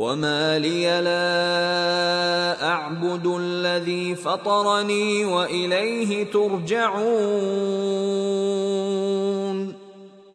وما لي لا اعبد الذي فطرني واليه ترجعون